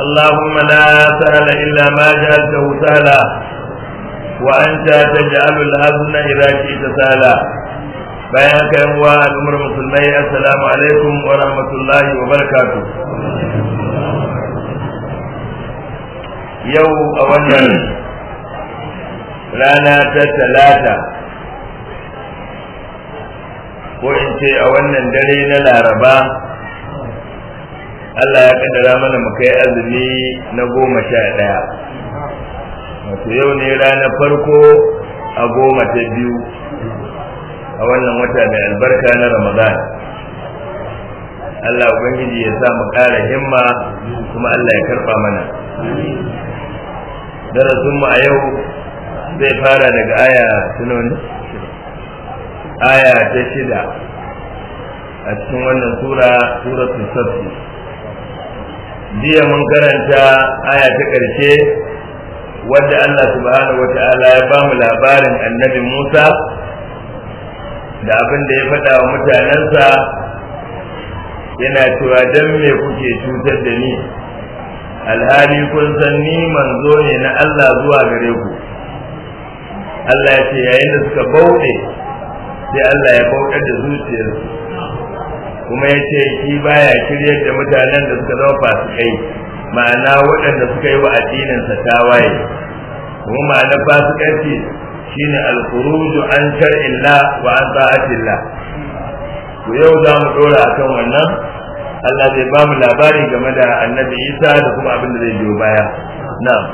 اللهم لا سهل إلا ما جعلته سهلا وأنت تجعل الأذن إذا شئت سهلا بيانك ينوى الأمر مسلمي السلام عليكم ورحمة الله وبركاته yau a wannan rana ta talata ko in ce a wannan dare na laraba Allah ya kaddara mana mu kai azumi na goma sha ɗaya wato yau ne ranar farko a goma ta biyu a wannan wata mai albarka na ramadan Allah ubangiji ya sa mu ƙara himma kuma Allah ya karɓa mana darasin mu a yau zai fara daga aya tunoni aya ta shida a cikin wannan sura sura safi jiya mun karanta aya ta ƙarshe wadda Allah subhanahu wa ta'ala ya ba mu labarin annabi Musa da abin da ya faɗa wa mutanensa yana cewa don me kuke cutar da ni alhali kun san ni manzo ne na Allah zuwa gare ku Allah ya ce yayin da suka bauɗe sai Allah ya bauɗar da zuciyarsu kuma ya ce shi baya kiryar da mutanen da suka zama fasikai ma'ana waɗanda suka yi wa addinin sa tawaye kuma ma'ana fasikanci shine al-khuruju an shar'illah wa an ta'atillah ku yau za mu dora akan wannan Allah zai ba mu labari game da annabi Isa da kuma abin da zai biyo baya na'am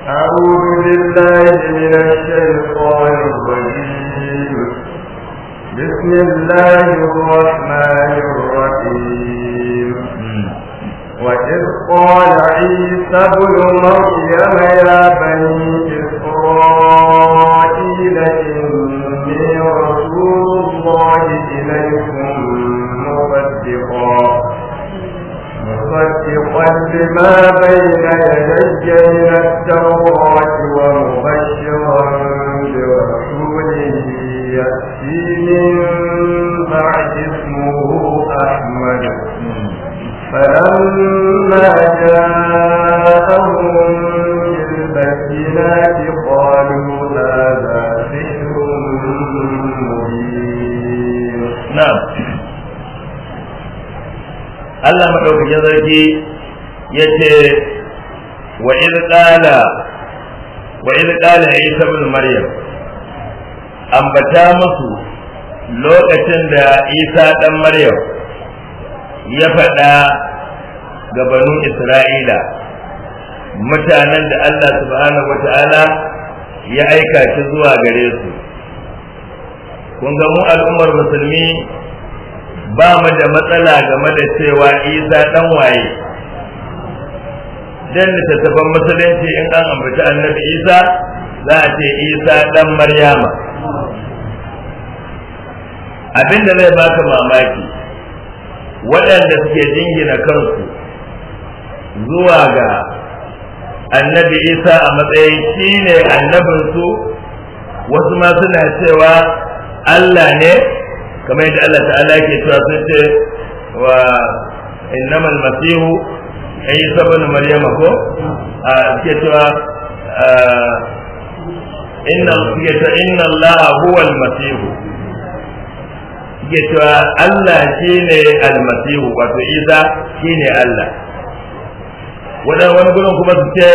أعوذ بالله من الشيطان الرجيم بسم الله الرحمن الرحيم وإذ قال عيسى ابن مريم يا بني إسرائيل إني رسول الله إليكم مصدقا مصدقا لما بين يدي من التوراة ومبشرا يأتي من بعد اسمه أحمد فلما جاءهم بالبينات قالوا هذا سحر مبين نعم الله مدوكين sarki yace wa idh qala wa idh qala isa ibn maryam ambata musu lokacin da isa ɗan maryam ya faɗa ga banu isra'ila mutanen da allah subhanahu wa ta'ala ya aika shi zuwa gare su kun ga mu al'ummar musulmi ba mu da matsala game da cewa isa ɗan waye dan littattafan musulunci in an ambaci annabi isa za a ce isa ɗan maryama abin da zai baka mamaki waɗanda suke jingina kansu zuwa ga annabi isa a matsayin shi ne annabinsu wasu ma suna cewa allah ne kamar yadda allah ta'ala ke cewa sun ce wa innamal masihu isa bin maryama ko a ke cewa inna suke ta inna allaha masihu suke cewa Allah shine almasihu wato Isa shine Allah wani gurin kuma su ce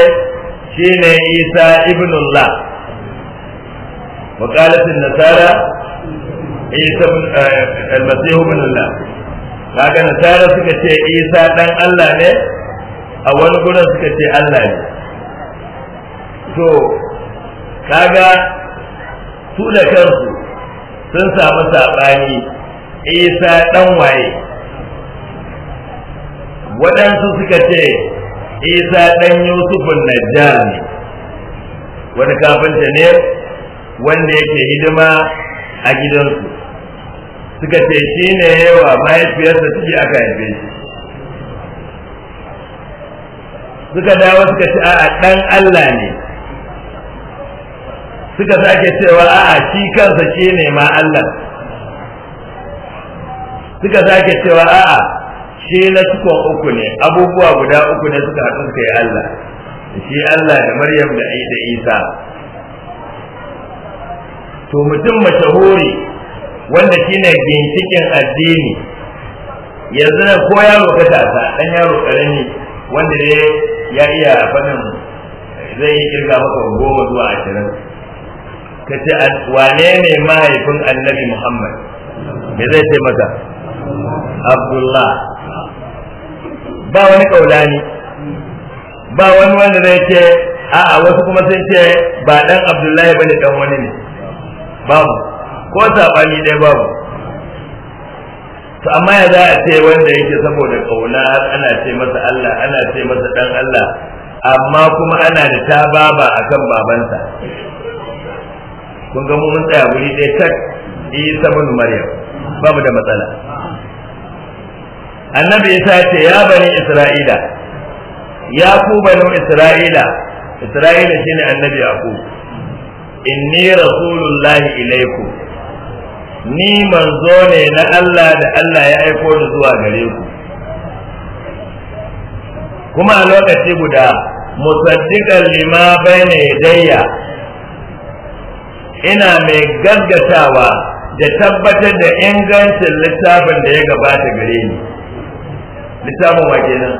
shine Isa ibnullah Makalatin Nasara, Isa eh, Almasihu ابن kaga nasara suka ce isa dan Allah ne a wani gurin suka ce Allah ne to kaga su da kansu sun samu saɓani. isa dan waye waɗansu suka ce isa dan yusuf najjar ne wani kafinta ne wanda yake hidima a gidansu suka ce shi ne yawa mahaifiyarsa ciki aka haife shi suka dawo suka ce a'a dan Allah ne suka sake cewa a'a shi kansa shi ne ma Allah suka sake cewa a'a shi na cikon uku ne abubuwa guda uku ne suka haɗu suka yi Allah shi Allah da Maryam da da Isa to mutum mashahuri wanda shine ginshikin addini yanzu na ko yaro ka tasa dan yaro ƙarami, wanda ne ya iya fannin zai yi kirga maka goma zuwa ashirin ka ce wane ne mahaifin annabi Muhammad me zai ce maka abdullah ba wani kaulani ba wani wanda zai ce a'a wasu kuma sun ce ba dan abdullahi ne dan wani ne babu ko sabani dai babu to amma ya za a ce wanda yake saboda kauna ana ce masa Allah ana ce masa dan Allah amma kuma ana da ta baba akan babansa kun ga mun tsaya guri dai tak isa bin maryam Babu da matsala annabi ya ce ya bani isra'ila ya ku bani isra'ila isra'ila shine annabi ku inni rasulullahi ilaiku ni manzo ne na Allah da Allah ya aiko ni zuwa gare ku kuma a lokaci guda musaddiqan lima bayna yadayya ina mai gaggatawa da tabbatar da ingancin littafin da ya gabata gare ni littafin wa kenan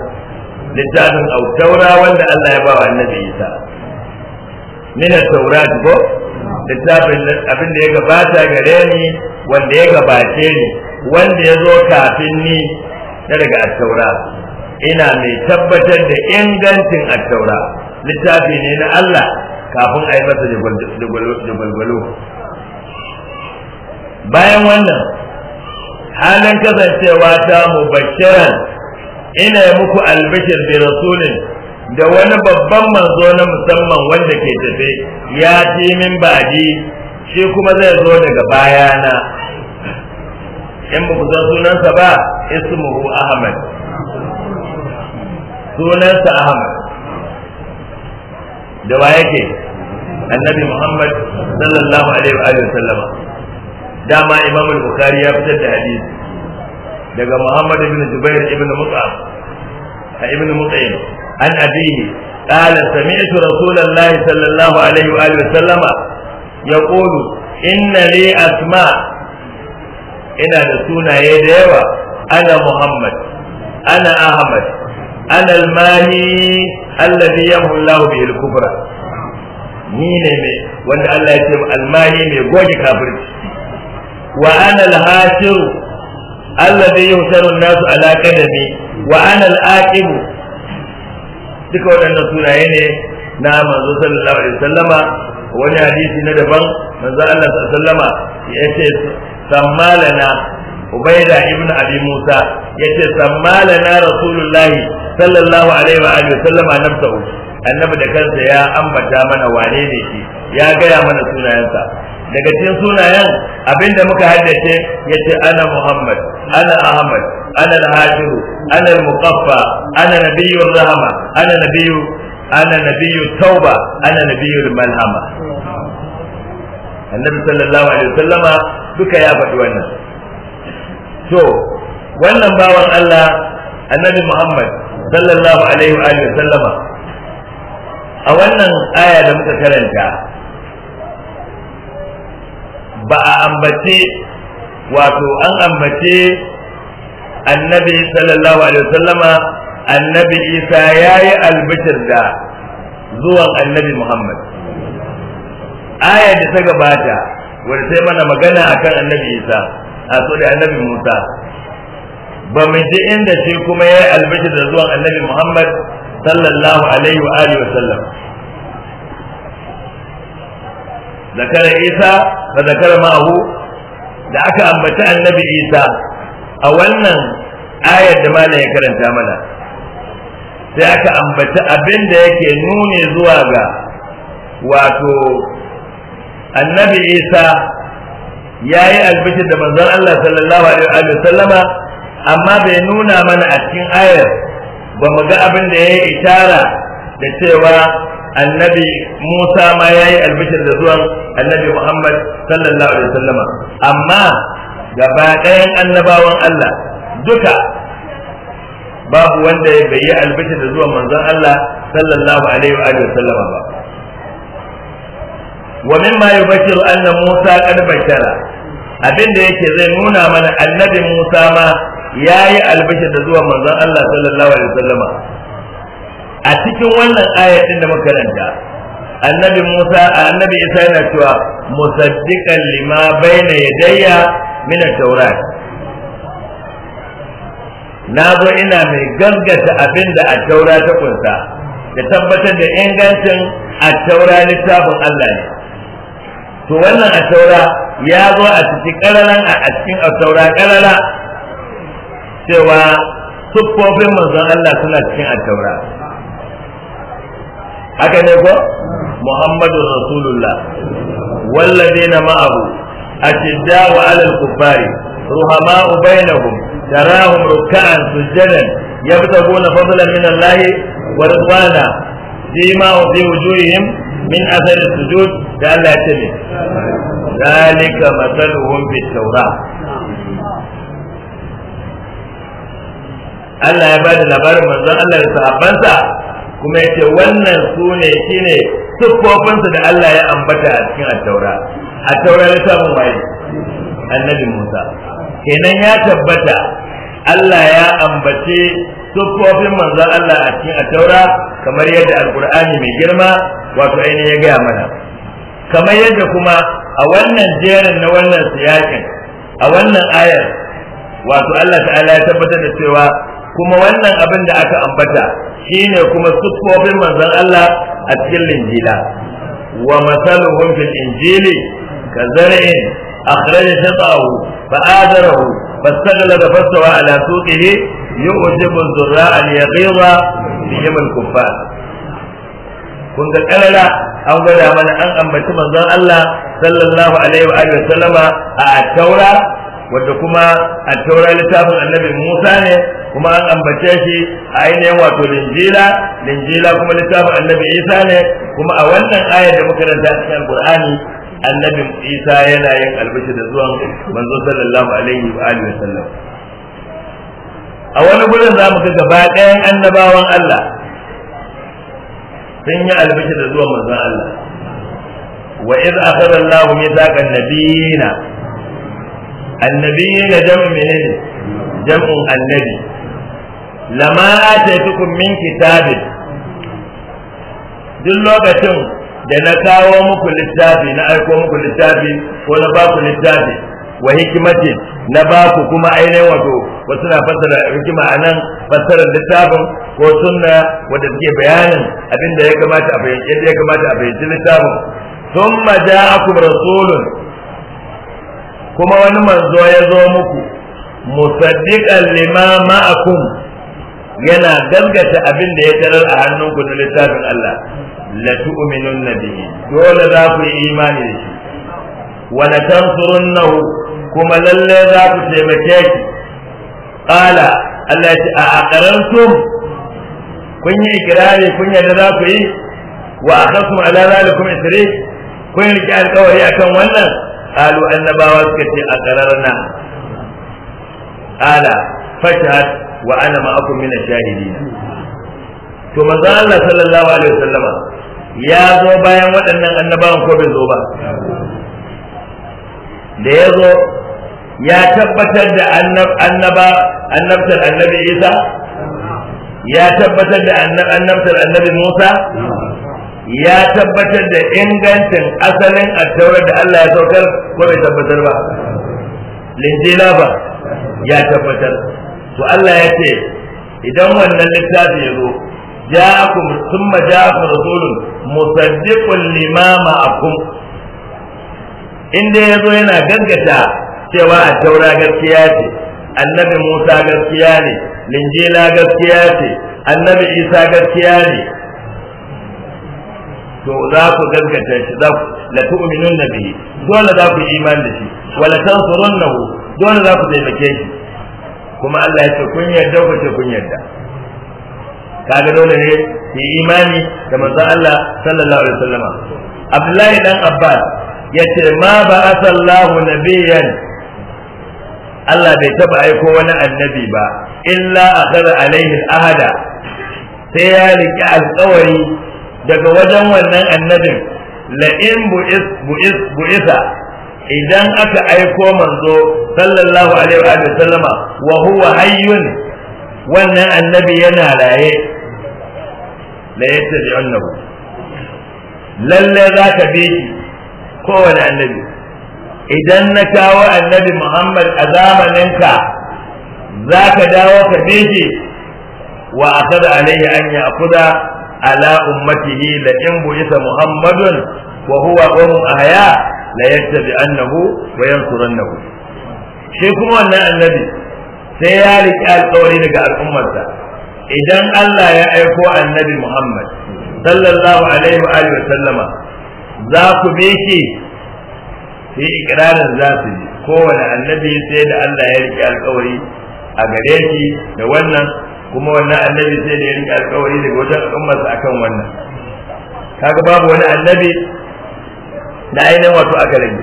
littafin autaura wanda Allah ya ba wa annabi Isa min na taurat ko littafin abin da ya gabata gare ni wanda ya gabace ni wanda ya zo kafin ni na daga attaura. taura ina mai tabbatar da ingancin attaura, taura littafi ne na Allah kafin a yi masa da gwalgwalo bayan wannan halin kasancewa ta mu bakiran ina muku albishir bi rasulin da wani babban manzo na musamman wanda ke tafe ya ci min baji shi kuma zai zo daga bayana in ba ku san sunansa ba ismuhu ahmad sunansa ahmad da wa yake annabi muhammad sallallahu alaihi wa sallama dama imam al-bukhari ya fitar da hadisi daga muhammad ibn zubair ibn mut'ab a ibn mut'im an abihi qala sami'tu rasulullahi sallallahu alaihi wa alihi sallama yaqulu inna li asma ina da sunaye da yawa ana muhammad ana ahmad ana al-mahi alladhi yamhu Allah bihi al-kubra ni ne wanda Allah ya ce al mai goge kafirci wa ana al-hashir alladhi yuhsharu an-nas ala qadami wa ana al-aqib duka waɗannan sunaye ne na manzo sallallahu alaihi wasallama wani hadisi na daban manzo Allah sallallahu alaihi wasallama yace sammalana ubaida ibn abi musa yace sammalana rasulullahi sallallahu alaihi wa alihi wasallama nafsuhu annabi da kansa ya ambata mana wane ne shi ya gaya mana sunayensa daga cikin sunayen abinda muka haddace ya ce ana Muhammad ana Ahmad ana al-Hashim ana al-Muqaffa ana nabiyyur rahma ana nabiyyu ana nabiyyu tauba ana nabiyyul malhama annabi sallallahu alaihi wasallama duka ya faɗi wannan to wannan bawan Allah annabi Muhammad sallallahu alaihi wa sallama a wannan aya da muka karanta ba a ambace wato an ambace annabi sallallahu alaihi wasallama annabi isa ya yi albishir da zuwan annabi muhammad aya da ta gabata wadda sai mana magana akan annabi isa a so da annabi musa ba mu ji inda shi kuma ya yi albishir da zuwan annabi muhammad sallallahu alaihi wa alihi wasallam zakara isa da zakara ma'ahu da aka ambaci annabi isa a wannan ayar da malam ya karanta mana sai aka ambaci abinda yake nuni zuwa ga wato annabi isa ya yi albishir da manzon Allah sallallahu alaihi wa sallama amma bai nuna mana a cikin ayar ba mu ga abin da ya yi da cewa annabi Musa ma ya yi albishir da zuwan annabi Muhammad sallallahu alaihi wasallama amma gaba ɗayan annabawan Allah duka babu wanda ya bayi albishir da zuwan manzon Allah sallallahu alaihi wa alihi wasallama ba wa mimma yubashiru anna Musa qad bashara abinda yake zai nuna mana annabi Musa ma yayi albishir da zuwan manzon Allah sallallahu alaihi wasallama a cikin wannan ayatin da makaranta annabi Musa annabi Isa yana cewa musaddiqan lima baina yadayya min at-taurat nazo ina mai gaskata abinda at-taura ta kunsa da tabbatar da ingancin at-taura littafin Allah ne to wannan at-taura ya zo a cikin karalan a cikin at-taura karala cewa siffofin manzon Allah suna cikin at-taura haka ne ko Muhammadu rasulullah wallazina ma'ahu ashidda'u 'alal kuffari ruhama'u bainahum tarahum ruk'an sujadan yabtaguna fadlan min Allah wa ridwana fima fi wujuhihim min athar sujud da Allah ya ce zalika masaluhum tawrah Allah ya bada labarin manzon Allah da sahabbansa kuma yace wannan sune shine siffofinsu da Allah ya ambata a cikin attaura attaura ya samu waye annabi Musa kenan ya tabbata Allah ya ambace siffofin manzon Allah a cikin attaura kamar yadda alqur'ani mai girma wato ainihin ya gaya mana kamar yadda kuma a wannan jerin na wannan siyakin a wannan ayar wato Allah ta'ala ya tabbatar da cewa kuma wannan abin da aka ambata shine kuma sufofin manzon Allah a cikin linjila wa masaluhum fil injili ka zar'in akhraja shaqahu fa adarahu fastaghla da fastawa ala suqihi yu'jibu dhurra'a liyaghiza bihim al-kuffar kun ga kalala an gwada mana an ambaci manzon Allah sallallahu alaihi wa alihi wa sallama a taura wadda kuma a taura littafin annabi Musa ne kuma an ambace shi a ainihin wato linjila linjila kuma littafin annabi Isa ne kuma a wannan ayar da muka ranta a cikin Qur'ani annabi Isa yana yin albishi da zuwan manzo sallallahu alaihi wa alihi wasallam a wani gurin za mu ga gaba ɗayan annabawan Allah sun yi albishi da zuwan manzon Allah wa iz akhadha Allahu mithaqa an-nabiyina annabi na jam'u menene jam'un annabi lama ataitukum min kitabin duk lokacin da na kawo muku littafi na aiko muku littafi ko na ba ku littafi wa hikimati na ba ku kuma ainihin wato wasu na fassara hikima a nan fassarar littafin ko sunna wadda bayanin abin da ya kamata a fahimci ya kamata a fahimci littafin rasulun kuma wani manzo ya zo muku musaddiqan lima ma'akum yana gaskata abin da ya tarar a hannunku na littafin Allah la tu'minun nabiyyi dole za ku yi imani da shi wa la tansurunnahu kuma lalle za ku taimake shi qala Allah ya ce a aqarantum kun yi ikirari kun yarda za ku yi wa akhasum ala zalikum isri kun yi alƙawari akan wannan qalu annabawa suka ce a qararna ala fashhad wa ana ma'akum min ash-shahidin to manzo Allah sallallahu alaihi wasallama ya zo bayan waɗannan annabawan ko bai zo ba da ya zo ya tabbatar da annaba annabi Isa ya tabbatar da annabi Musa ya tabbatar da ingancin asalin attaurar da Allah ya saukar ko bai tabbatar ba linjila ba ya tabbatar to Allah ya ce idan wannan littafi ya zo ja'akum thumma ja'akum rasulun musaddiqun lima ma'akum inda ya zo yana gaggata cewa attaura gaskiya ce annabi Musa gaskiya ne linjila gaskiya ce annabi Isa gaskiya ne to za ku gaskata shi za ku la tu'minun bihi dole za ku imani da shi wa la tansurunnahu dole za ku taimake shi kuma Allah ya ce kun yarda ku ce kun yarda kaga dole ne ki imani da manzo Allah sallallahu alaihi wasallama Abdullahi dan Abbas yace ma ba ba'athallahu nabiyyan Allah bai taba aiko wani annabi ba illa akhara alaihi ahada sai ya riƙe alƙawari daga wajen wannan annabin la'in bu'is bu'is bu'isa idan aka aiko manzo sallallahu alaihi wa sallama wa huwa hayyun wannan annabi yana raye la yattabi'unnahu lalle za ka bi shi kowane annabi idan na kawo annabi Muhammad a zamaninka za ka dawo ka bi shi wa akada alaihi an ya akuda ala ummatihi la in bu'itha muhammadun wa huwa qawmun ahya la yattabi'annahu wa yansurannahu shi kuma wannan annabi sai ya riƙe alƙawari daga al'ummarsa idan Allah ya aiko annabi Muhammad sallallahu alaihi wa wa sallama za ku bi shi sai ikrarin za su kowane annabi sai da Allah ya riƙe alƙawari a gare da wannan kuma wannan annabi sai da ya rike alkawari daga wajen al'ummarsa akan wannan kaga babu wani annabi da ainihin wato aka rage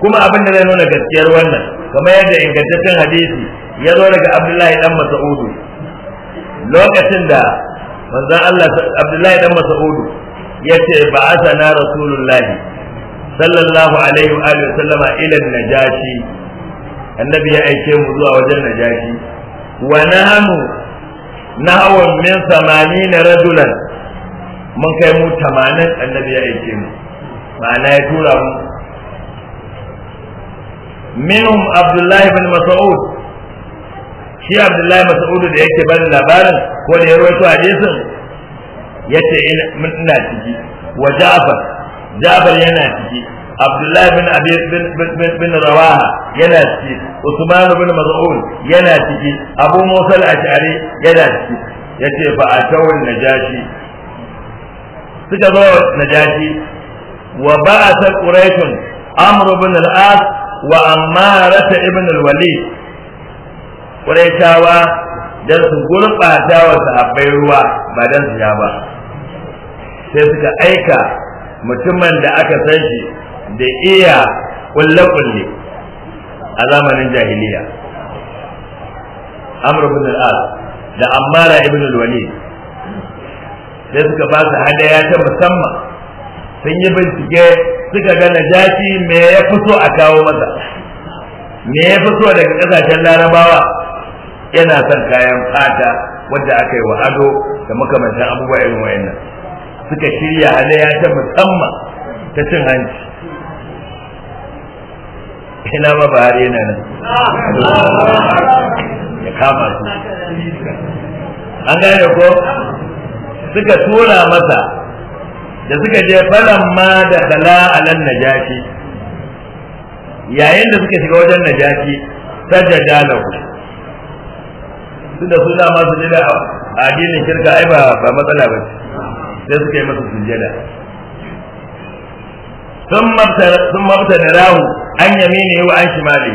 kuma abin da zai nuna gaskiyar wannan kamar yadda ingantaccen hadisi ya zo daga Abdullahi dan Mas'udu lokacin da manzon Allah Abdullahi dan Mas'udu ya ce na rasulullahi sallallahu alaihi wa alihi sallama ila najashi annabi ya aike mu zuwa wajen najashi wa nahnu na'awun min samani na radulan, mun kai mu tamanin annabi ya aike mu ma'ana ya tura mu minhum abdullahi bin mas'ud shi abdullahi mas'ud da yake ban labarin ko da ya rawaito hadisin yace ina ciki wa ja'far ja'far yana ciki Abdullahi bin Abi bin Rawaha yana ciki Usman bin Maz'un yana ciki Abu Musa al-Ash'ari yana ciki yace fa atawun najashi suka zo najashi wa ba'atha Quraysh Amr bin al-As wa Ammar ibn al-Walid Qurayshawa dan su gurbata wa sahabbai ruwa ba dan su ya ba sai suka aika mutumin da aka san shi da iya kulle-kulle a zamanin jahiliya amr bin al da ammara ibn al wali sai suka ba su hadaya ta musamman sun yi bincike suka ga najashi me ya fi so a kawo masa me ya fi daga ƙasashen larabawa yana son kayan fata wadda aka yi wa ado da makamantan abubuwa irin wayannan suka shirya hadaya ta musamman ta cin hanci kina ba ba har yana nan ya kama su an gane ko suka tura masa da suka je falan ma da kala alan najashi yayin da suka shiga wajen najafi, sajada lahu tunda su da masu jira addinin shirka ai ba matsala ba sai suka yi masa sujjada sun mabta da rahu an yamini wa an shimali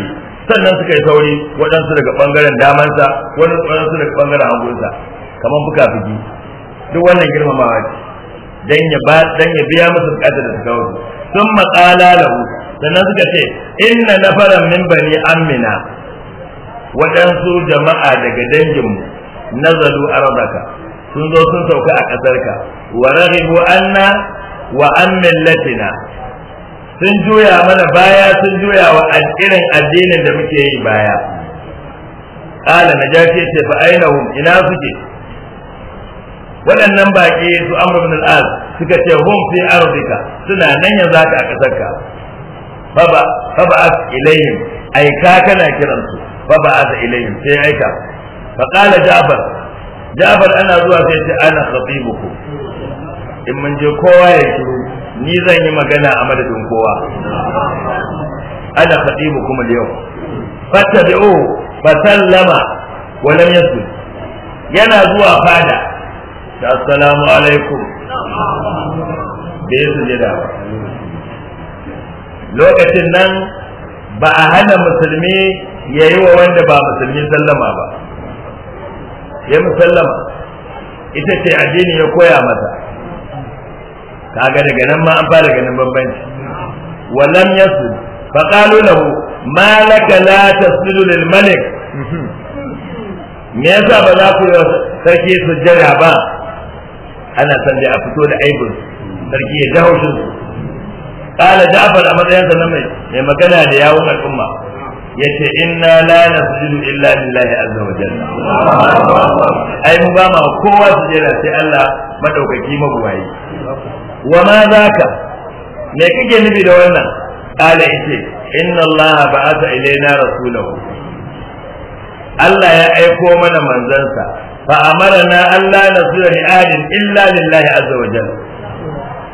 sannan suka yi sauri waɗansu daga ɓangaren damansa waɗansu daga ɓangaren hagunsa kamar buka fiji. duk wannan girmamawa ce dan ya ba dan ya biya musu bukatar da suka wuce sun maƙala lahu sannan suka ce inna nafaran min bani amina waɗansu jama'a daga danginmu nazalu arzaka sun zo sun sauka a ƙasarka wa rahibu anna wa an millatina sun juya mana baya sun juya wa irin addinin da muke yi baya ƙala na ja ce ce fa'ainahum ina suke waɗannan baƙi su amr bin al'az suka ce hum fi ardika suna nan yanzu haka a ka faba faba as ilayhim aika kana kiran su faba as ilayhim sai aika fa qala ja'far ja'far ana zuwa sai ce ana khatibuku in mun je kowa ya shiru ni zan yi magana a madadin kowa ana faɗi mu kuma da yau o ba sallama wa lam yasu yana zuwa fada da assalamu alaikum bai sujada ba lokacin nan ba a hana musulmi ya yi wa wanda ba musulmi sallama ba ya musallama ita ce addini ya koya masa kaga daga nan ma an fara ganin bambanci walam yasu fa qalu lahu ma laka la tasjudu lil malik me yasa ba za ku yi sarki sujjada ba ana san da a fito da aibun sarki ya ji haushin su qala ja'far a matsayinsa na mai mai magana da yawun al'umma yace inna la nasjudu illa lillahi azza wa jalla ai mu ba ma kowa sujjada sai Allah madaukaki mabuwayi wa ma zaka me kake nufi da wannan qala yace inna allaha ba'atha ilayna rasulahu Allah ya aiko mana manzansa fa amarna Allah na li adin illa lillahi azza wa jalla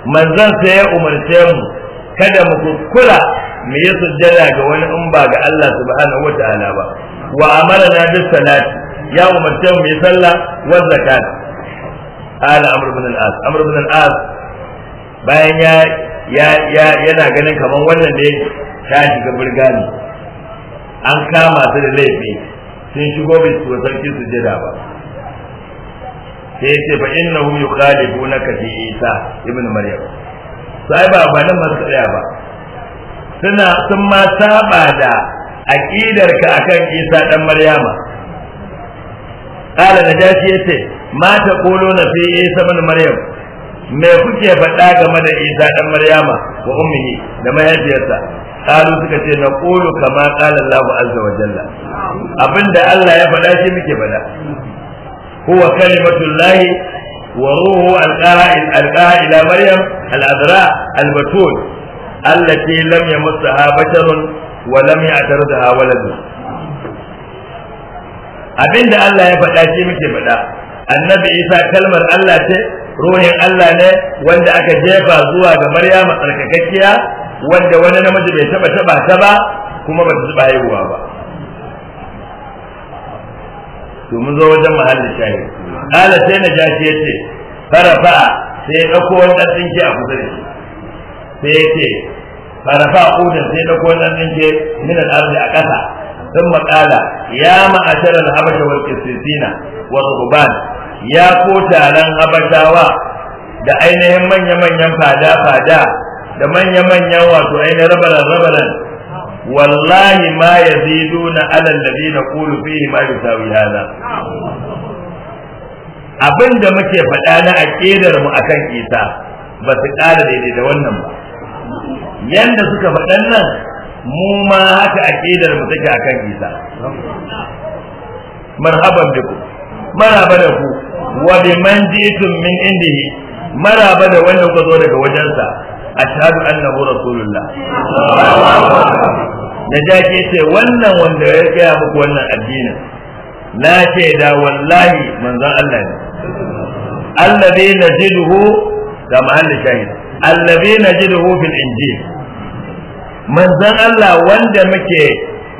manzansa ya umarce mu kada mu kuskura mu yi sujjada ga wani in ba ga Allah subhanahu wa ta'ala ba wa amarna bis salati ya umarce mu yi sallah wa zakat قال al-as العاص عمرو al as. bayan ya ya yana ganin kamar wannan ne ta shiga burgani an kama su da laifi sun shigo bai su sarki su jira ba sai ya ce fa innahu yukhalifu naka fi isa ibnu maryam sai ba ba nan masu tsaya ba suna sun ma saba da aqidar ka akan isa dan maryama qala najashi yace ma taquluna fi isa ibn maryam me kuke faɗa game da Isa ɗan Maryama wa ummihi da mahaifiyarsa qalu suka ce na qulu kama qala Allahu azza wa jalla abinda Allah ya faɗa shi muke faɗa huwa lahi wa ruhu alqa'il alqa'a ila maryam al-adra al-batul allati lam yamassaha basharun wa lam ya'tarudha waladun abinda Allah ya faɗa shi muke faɗa annabi Isa kalmar Allah ce ruhin Allah ne wanda aka jefa zuwa ga Maryama tsarkakakkiya wanda wani namiji bai taba taba ta ba kuma ba ta taba haihuwa ba to mun zo wajen mahallin shayi ala sai na jashi yace farafa sai ya dauko wani dan tsinke a kusa da shi sai yace farafa udan sai ya dauko wani dan tsinke min al-ardi a kasa ثم قال يا معشر الحبشه والقسيسين والرهبان ya ko taron habashawa da ainihin manya-manyan fada-fada da manya-manyan wato ainihin rabaran-rabaran wallahi ma ya zido na alal da zina na kulu fiye ma da sawi hana abin da muke faɗa na aƙidar mu akan isa ba su ƙara daidai da wannan ba yanda suka faɗan nan mu ma haka aƙidar mu take akan isa marhaban biku marhaban da ku wa man jitum min indihi ba da wanda kuka zo daga wajensa ashhadu annahu rasulullah da jake ce wannan wanda ya gaya muku wannan addinin na ce da wallahi manzon Allah ne allazi najiduhu da mahallin shahid allazi najiduhu fil injil manzon Allah wanda muke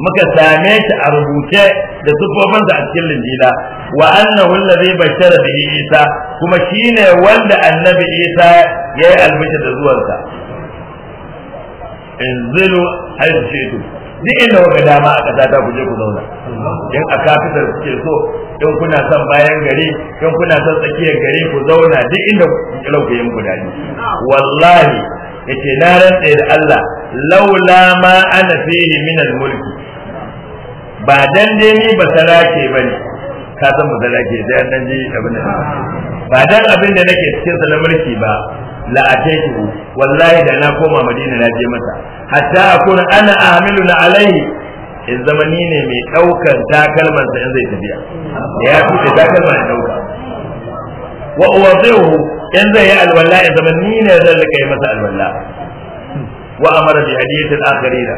muka same shi a rubuce da sufofinsa a cikin linjila wa annahu allazi bashara bihi isa kuma shine wanda annabi isa yayi albishir da zuwansa inzilu hajjitu Ni inda kuka dama a ƙasa ta kuje ku zauna in a kafitar suke so in kuna son bayan gari in kuna son tsakiyar gari ku zauna duk inda kuka yin ku dadi wallahi yace na rantsa da Allah laula ma ana fihi min al-mulki ba dan dai ni ba sarake bane ka san ba sarake da dan ji abin nan ba dan abin da nake cikin sa na mulki ba la ataitu wallahi da na koma madina na je masa hatta akuna ana amilu na alaihi in zama ni ne mai daukan takalman sa in zai tafiya ya tuke takalma ya dauka wa uwadhihu in zai yi alwala in zama ni ne zan rika yi masa alwala wa amara bi hadiyatil akharina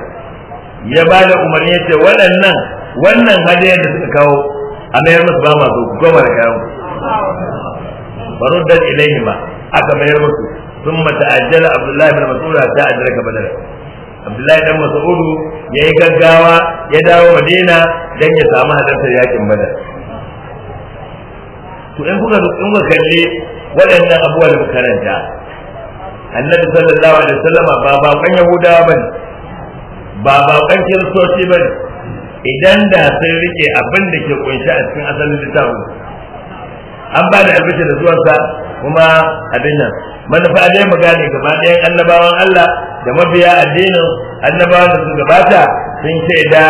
ya bada umarni ya ce waɗannan wannan hadiyar da suka kawo a mayar musu ba masu goma da kayan baruddan ilaihi ma aka mayar musu sun mata ajiyar abdullahi bin mas'uda ta ajiyar ka badar abdullahi dan mas'udu ya yi gaggawa ya dawo madina don ya samu hadartar yakin badar to in kuka in kuka kalli waɗannan abubuwan da karanta annabi sallallahu alaihi wasallama ba kan yahudawa bane ba kan kristoci bane idan da sun rike abin da ke kunshi a cikin asalin littafin an ba da albishi da zuwansa kuma abin nan manufa dai mu gane gaba ɗaya annabawan Allah da mabiya addinin annabawan da su gabata sun ce da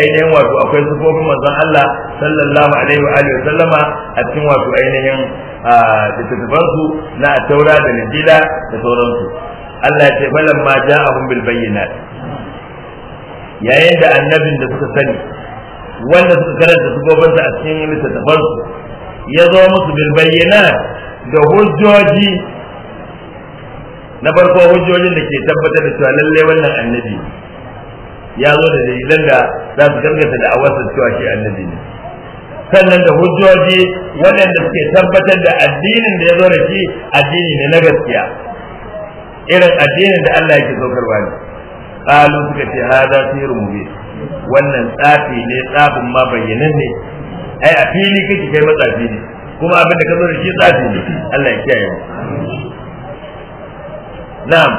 ainihin wato akwai sufofin manzon Allah sallallahu alaihi wa alihi sallama a cikin wato ainihin su na taura da Injila da sauransu Allah ya ce falamma ja'ahum bil bayyinat yayin da annabin da suka sani wanda suka karanta su sufofinsa a cikin littattafansu ya zo musu bilbayyana da hujjoji na farko hujjojin da ke tabbatar da cewa lallai wannan annabi ya zo da dalilan da za su gargata da awarsa cewa shi annabi ne sannan da hujjoji waɗanda suke tabbatar da addinin da ya zo da shi addini ne na gaskiya irin addinin da Allah yake saukarwa ne qalu suka ce hada sirrun mubin wannan tsafi ne tsafin ma bayyanan ne ai a fili kake kai matsafi ne kuma abin da ka zo da shi tsafi ne Allah ya kiyaye na'am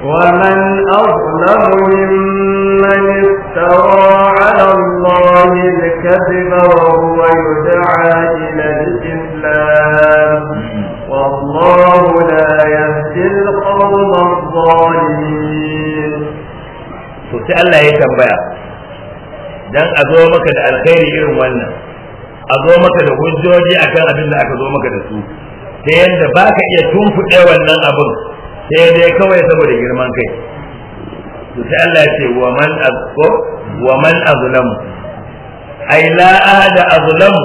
ومن أظلم ممن افترى على الله الكذب وهو يدعى إلى الإسلام والله لا يهدي القوم الظالمين to sai Allah ya tambaya dan a zo maka da alkhairi irin wannan a zo maka da hujjoji akan abin da aka zo maka da su ta yadda ba ka iya tunfuɗe wannan abin sai dai kawai saboda girman kai to sai Allah ya ce wa man azko wa man azlamu ai la ahada azlamu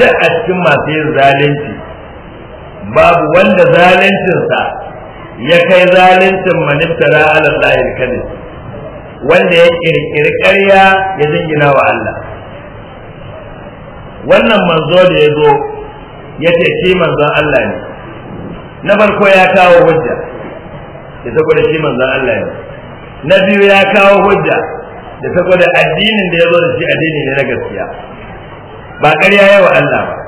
duk a cikin masu yin zalunci babu wanda zaluncinsa ya kai zaluncin maniftara ala lahir wanda ya kirkiri ƙarya ya jingina wa Allah wannan manzo da ya zo ya ce shi manzon Allah ne na farko ya kawo hujja ya ta gwada shi manzon Allah ne na biyu ya kawo hujja da ta gwada addinin da ya zo da shi addini ne na gaskiya ba ƙarya yawa Allah ba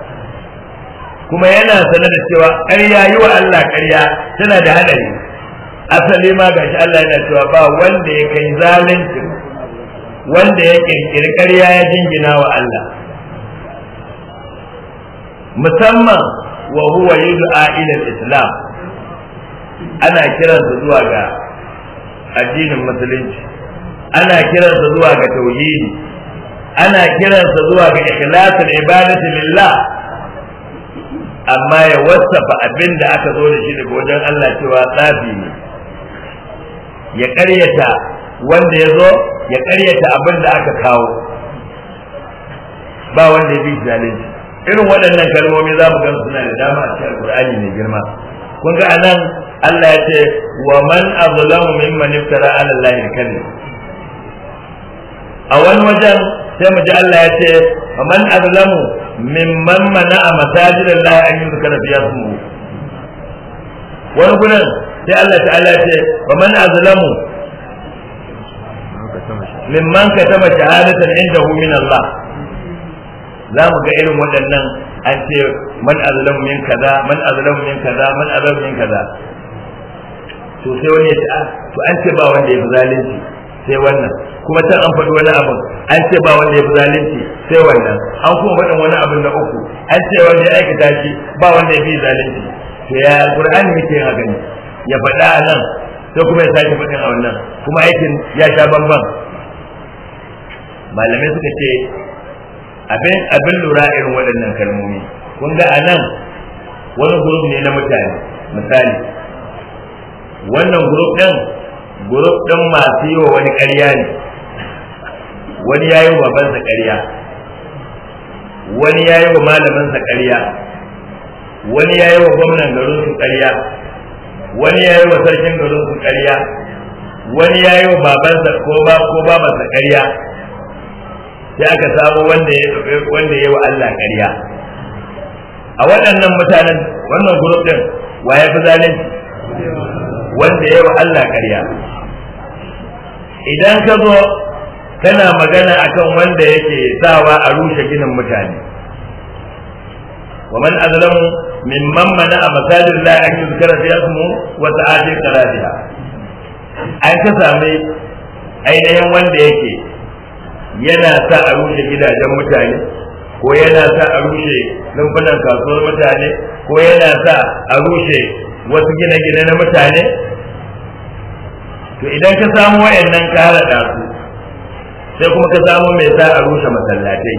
kuma yana sanar da cewa ƙarya yi wa Allah ƙarya tana da hanayi asali ma gashi Allah yana cewa ba wanda ya kai zalunci wanda ya kirkiri ƙarya ya jingina wa Allah musamman wa huwa yud'a ila islam ana kiransa zuwa ga addinin musulunci ana kiransa zuwa ga tauhidi ana kiransa zuwa ga ikhlasul ibadati lillah amma ya wasafa abin da aka zo da shi daga wajen Allah cewa tsafi ne ya ƙaryata wanda ya zo ya ƙaryata abin da aka kawo ba wanda ya bi zalunci irin waɗannan kalmomi za mu gamsu suna da dama a cikin alƙur'ani mai girma kun ga anan Allah ya ce wa man azlamu mimman iftara ala Allah kalli? a wani wajen sai mu ji Allah ya ce wa man azlamu mimman mana'a masajidin la an yuzkara fiya su wani gunan sai Allah ta'ala ce wa man azlamu mimman katama shahadatan indahu min Allah za mu ga irin waɗannan an ce man azlamu min kaza man azlamu min kaza man azlamu min kaza to sai wani ya ce ah, to an ce ba wanda ya fi zalunci sai wannan kuma can an faɗi wani abin an ce ba wanda ya fi zalunci sai wannan an kuma faɗin wani abin na uku an ce wanda ya aikata shi ba wanda ya fi zalunci to ya qur'ani yake yin hakan ya faɗa a nan sai kuma ya sake faɗin a wannan kuma aikin ya sha bambam. malamai suka ce abin abin lura irin waɗannan kalmomi kun ga a nan wani gurup ne na mutane misali wannan gurup ɗin gurup din masu yi wa wani ƙarya ne wani ya yi wa babansa ƙarya wani ya yi wa malamansa ƙarya wani ya yi wa gwamnan garin su ƙarya wani ya yi wa sarkin garin su ƙarya wani ya yi wa babansa ko ba ko masa ƙarya sai aka samu wanda ya wanda ya wa Allah ƙarya a waɗannan mutanen wannan gurup din wa ya fi zalunci wanda yawa Allah ƙarya idan ka zo kana magana akan wanda yake sawa a rushe ginin mutane ومن أظلم ممن a مساجد الله أن يذكر فيها اسمه وسعى في خرابها an ka sami ainihin wanda yake yana sa a rushe gidajen mutane ko yana sa a rushe rumfunan kasuwar mutane ko yana sa a rushe wasu gine-gine na mutane to idan ka samu wayannan ka harada su sai kuma ka samu mai sa a rushe masallatai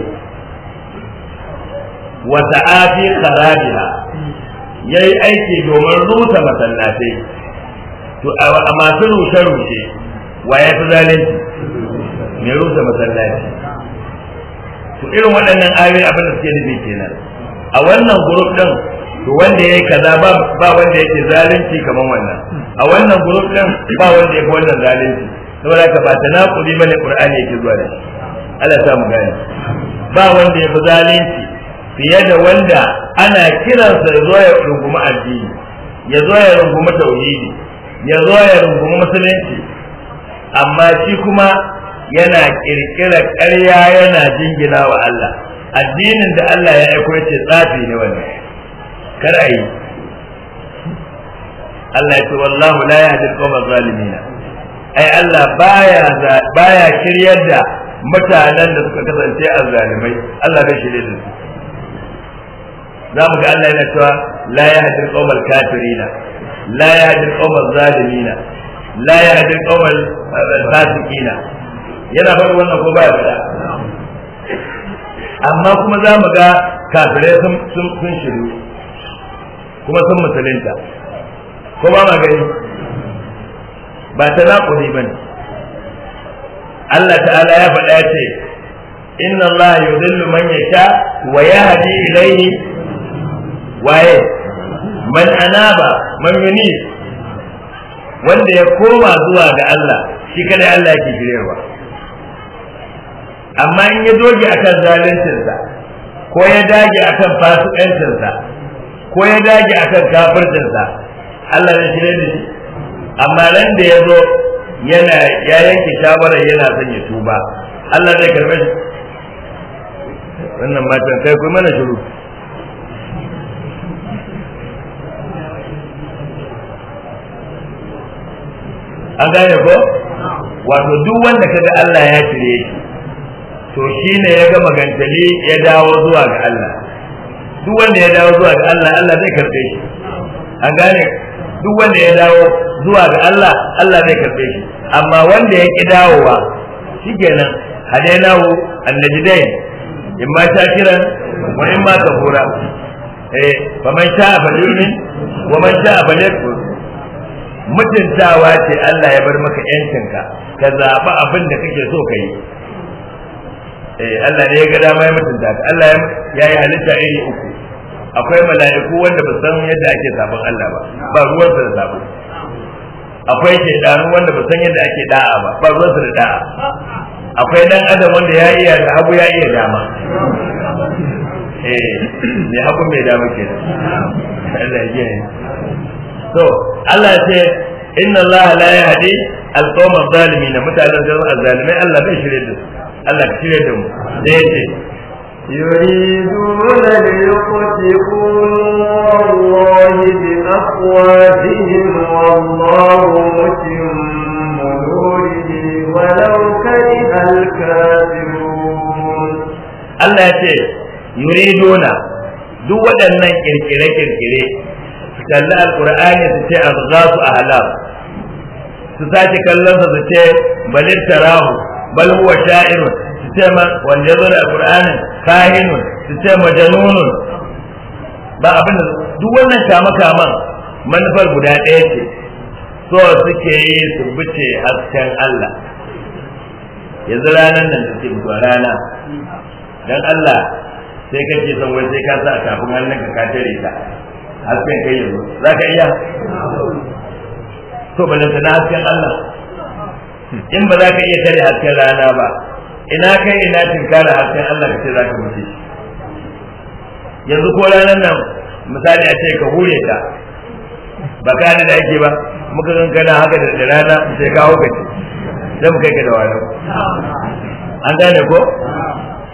wa ta'ati kharabiha yayi aiki domin rusa masallatai to a masu rushe rushe wa ya fi zalunci mai rusa masallatai? to irin waɗannan ayoyi abin da suke nufi kenan a wannan guruf din to wanda yayi kaza ba ba wanda yake zalunci kaman wannan a wannan group din ba wanda ya wannan zalunci saboda ka ba tanakuli bane qur'ani yake zuwa da Allah ya mu ba wanda ya zalunci fiye da wanda ana kiransa ya zo ya rungumi addini ya zo ya rungumi tauhidi ya zo ya rungumi musulunci amma shi kuma yana kirkira ƙarya yana jingina wa Allah addinin da Allah ya aiko ya ce tsafi ne wannan kar a yi Allah ya ce wallahu la yahdi al-qawma zalimin ai Allah baya baya shiryar da mutanen da suka kasance a azzalimai Allah bai shirye da su zamu ga Allah yana cewa la yahdi al-qawma al-kafirin la yahdi al-qawma al-zalimin la yahdi al-qawma al-fasiqin yana faɗa wannan ko baya faɗa amma kuma za mu ga kafirai sun shiru kuma sun musulunta ko ba ma gani ba ta naƙuri ba ne Allah ta'ala ya faɗa ya ce inna Allah yudillu man yasha wa yahdi ilayhi waye man anaba man yuni wanda ya koma zuwa ga Allah shi kada Allah yake girewa amma in ya doge akan zaluncinsa ko ya dage akan fasikancinsa ko ya dage akan kafircinsa Allah ya shirye da shi amma nan da ya zo yana ya yanke shawara yana son ya tuba Allah zai karbe shi wannan matan kai kuma mana shiru an gane ko wato duk wanda kaga Allah ya cire shi to shine ya ga magantali ya dawo zuwa ga Allah duk wanda ya dawo zuwa ga Allah Allah zai karbe shi an gane duk wanda ya dawo zuwa ga Allah Allah zai karbe shi amma wanda ya ki dawowa shikenan hadainahu annajidain imma in wa ta kafura eh faman sha'a falyumin wa man sha'a mutun mutuntawa ce Allah ya bar maka yancinka ka zaba abin da kake so ka yi eh Allah ne ya ga dama ya mutunta ka Allah ya yi halitta iri uku akwai mala'iku wanda ba san yadda ake sabon Allah ba ba sa da sabo akwai shaidanu wanda ba san yadda ake da'a ba ba sa da da'a akwai dan adam wanda ya iya da abu ya iya dama eh ne hagu mai dama kenan Allah ya yi so Allah ya ce inna Allah la yahdi al-qawma adh-dhalimin mutanen zalimin Allah bai shirye da Allah shirye da mu da yace يريدون ليطفئوا نور الله بأفواههم والله متم نوره ولو كره الكافرون الله يقول يريدون duk waɗannan ƙirƙire-ƙirƙire, su kalli Alƙur'ani, su ce a za su a su sake kallon su ce balin tarahu bal huwa sha'irun su ce ma wanda ya zo su ce ba abin da duk wannan kama kaman manufar guda ɗaya ce so suke yi su bice hasken Allah yanzu ranar nan da ke mutuwa rana dan Allah sai kake son wai sai ka sa kafin hannunka ka tare ta hasken kai yanzu za ka iya to balanta na hasken Allah in ba za ka iya tare hasken rana ba ina kai ina tinkara har sai Allah ka ce za ka mutu yanzu ko ranar nan misali a ce ka hure ta ba ka da ake ba muka gan kana haka da rana sai ka hau ce sai mu kai ka da wani an gane ko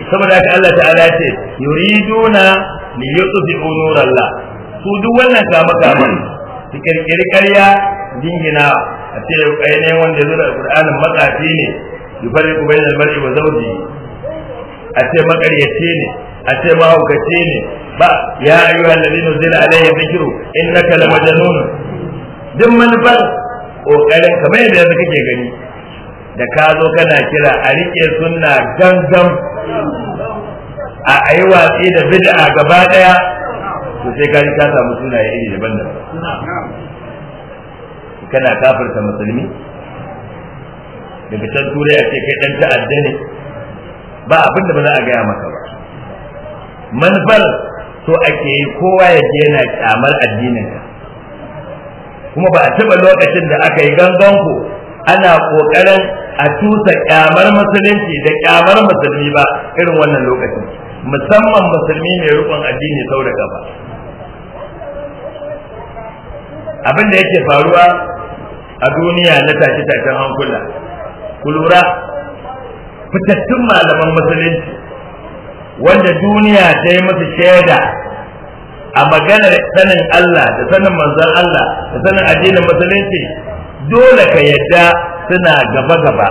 saboda ka Allah ta'ala ya ce yuriduna li yutfi'u nurallah su duk wannan maka ba su kirkiri ƙarya dingina a ce ainihin wanda ya zo da matsafi ne yufarriqu bainal mar'i wa zawjihi a ce makaryace ne a ce mahaukaci ne ba ya ayyuha alladhina zila alayhi dhikru innaka la majnun duk manufar kokarin kamar yadda yanzu kake gani da ka zo kana kira a rike sunna gangan a ayi watsi da bid'a gaba daya to sai ka ta samu sunaye iri daban-daban kana kafirta musulmi daga can turai a ce kai dan ta'adda ne ba abin da ba za a gaya maka ba manufar so ake yi kowa ya je yana kyamar addinin kuma ba a taɓa lokacin da aka yi ku ana ƙoƙarin a tusa kyamar musulunci da kyamar musulmi ba irin wannan lokacin musamman musulmi mai rukun addini sau da gaba abin da yake faruwa a duniya na tashi tashen hankula ku lura fitattun malaman musulunci wanda duniya ta yi musu shaida a maganar sanin Allah da sanin manzon Allah da sanin addinin musulunci dole ka yadda suna gaba-gaba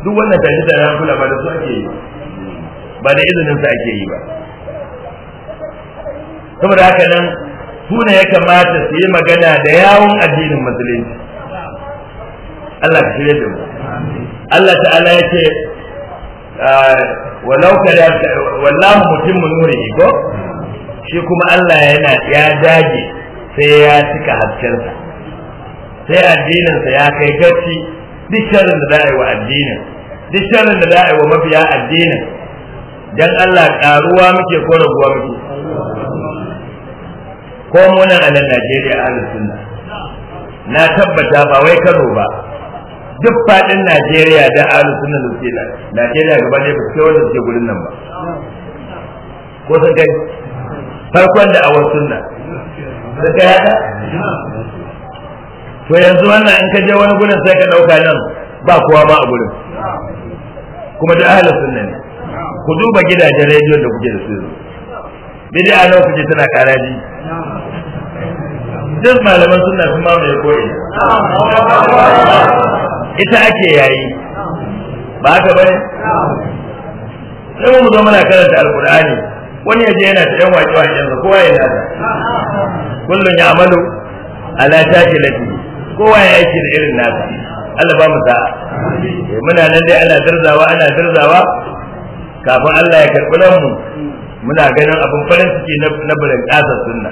duk wannan tashi da ran kula ba da su ake yi ba da izinin su ake yi ba saboda haka nan su ne ya kamata su yi magana da yawon addinin musulunci Allah ta shirya da mu Allah ta'ala ya ce ah, wallahu mutum mu nuri ko shi kuma Allah yana ya dage sai ya cika haskensa sai addininsa ya kai gaci duk sharrin da za a yi wa addinin duk sharrin da za a yi wa mafiya addinin dan Allah karuwa muke ko raguwa muke ko muna a nan Najeriya a sunna na tabbata ba wai Kano ba duk faɗin Najeriya da ahlus sunna da Najeriya gaba ɗaya ba sai wanda suke gurin nan ba ko sun kai farkon da awar sunna sun kai haka to yanzu wannan in ka je wani gurin sai ka ɗauka nan ba kowa ma a gurin kuma da ahlus sunna ne ku duba gidajen rediyon da kuke da su bid'a nawa kuke tana karaji duk malaman sunna sun ma mai koyi ita ake yayi ba ka bane sai mu zo muna karanta alqur'ani wani yaje yana ta yan waƙe waƙen sa kowa yana da kullun ya amalu ala shakilati kowa ya aiki da irin nasa Allah ba mu sa'a muna nan dai ana dirzawa ana dirzawa kafin Allah ya karɓi mu muna ganin abin farin ciki na bulan ƙasar sunna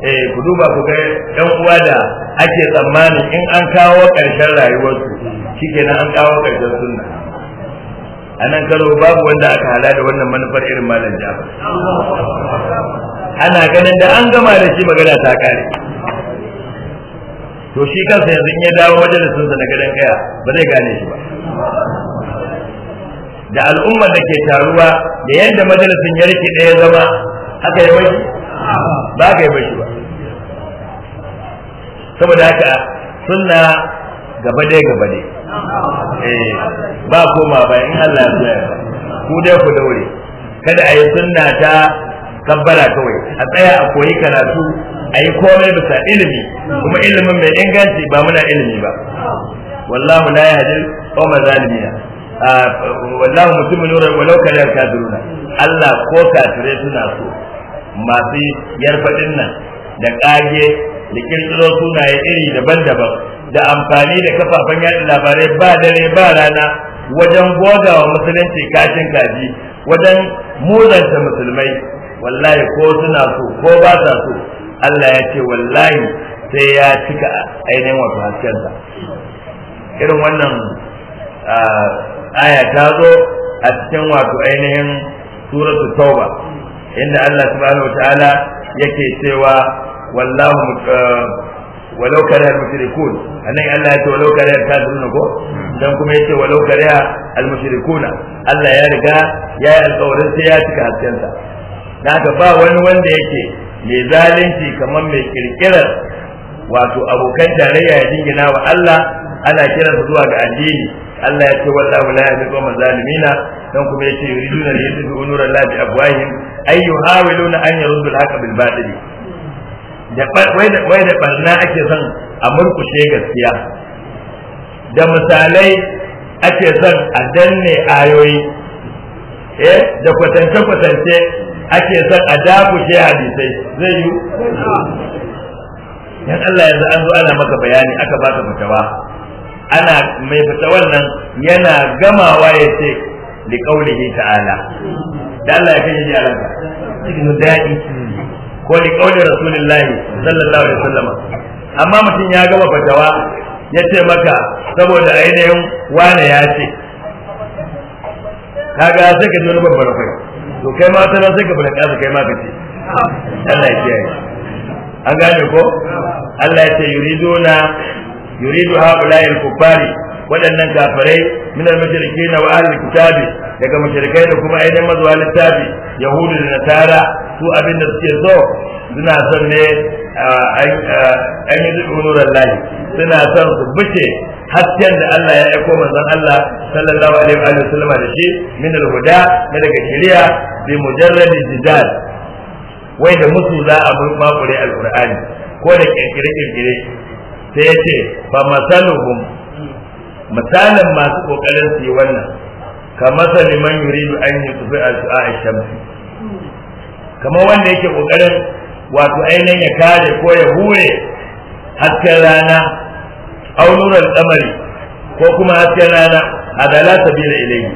eh ku duba ku ga ɗan uwa da ake tsammanin in an kawo ƙarshen rayuwarsu nan an kawo ƙarshen sunna a nan karo babu wanda aka hala da wannan manufar irin malam jafar ana ganin da an gama da shi magana ta kare to shi kansa yanzu in ya dawo majalisinsa na gadon kaya ba zai gane shi ba da al'ummar da ke taruwa da yadda majalisin ya rike ɗaya zama haka yi bashi ba ka yi bashi ba saboda haka suna gaba ɗaya gaba ɗaya eh, ba koma ba in Allah ya tsaya ku dai ku daure kada a yi suna ta kabbara kawai a tsaya a koyi karatu a yi komai bisa ilimi kuma ilimin mai inganci ba muna ilimi ba wallahu la yahdi qawma zalimina wallahu mutum ne walau kare kafiruna Allah ko kafirai suna so masu yarfadin nan da kage da kirkiro sunaye iri daban-daban da amfani da kafafen yaɗa labarai ba dare ba rana wajen goga wa musulunci kashin kaji wajen muzanta musulmai wallahi ko suna so ko ba sa so Allah ya ce wallahi sai ya cika ainihin wato haskensa irin wannan aya ta zo a cikin wato ainihin suratu tauba inda Allah subhanahu wataala yake cewa wallahu eh, walau kare al-mushrikun annan Allah ya ce walau kare al-kafirun ko dan kuma yace walau kare al-mushrikuna Allah ya riga ya yi alƙawarin sai ya cika haskensa Na haka ba wani wanda yake mai zalunci kamar mai kirkirar wato abokan tarayya ya jingina wa Allah ana kiran su zuwa ga addini Allah ya ce wallahu la yahdi qawman zalimina dan kuma yace yuriduna li yudfi'u unura Allah bi afwahihim ay yuhawiluna an yuridu al-haqa bil batil da wai da wai da barna ake son a murkushe gaskiya da misalai ake son a danne ayoyi eh da kwatance kwatance ake son a dakushe hadisai zai yi dan Allah yanzu an zo ana maka bayani aka baka fitawa ana mai fita wannan yana gamawa ya ce li qaulihi ta'ala da Allah ya kaje jaranka cikin daɗi ko li qauli sallallahu alaihi wasallam amma mutum ya gama fatawa ya ce maka saboda ainihin wane ya ce kaga sai ka ji wani babban kai to kai ma sanan sai ka bada kasa kai ma ka ce Allah ya kiyaye an gane ko Allah ya ce yuriduna yuridu haula'i al-kuffari waɗannan kafirai minar al na wa ahli kitabi daga mushrikai da kuma ainihin mazuwa littafi yahudu da nasara su abin da suke so suna son ne an yi zuɗu nuran lahi suna son su bice hasken da Allah ya aiko manzon Allah sallallahu alaihi wa sallama da shi minal huda na daga shari'a bi mujarrad jidal wai da musu za a makure al-qur'ani ko da kirkire kirkire sai ya ce fa masaluhum misalin masu kokarin su yi wannan ka masali man yuridu an yi tufi a su'a'i shamsi kamar wanda yake kokarin wato ainihin ya kare ko ya hure hasken rana aunuran tsamari ko kuma hasken rana a adala sabila ilayhi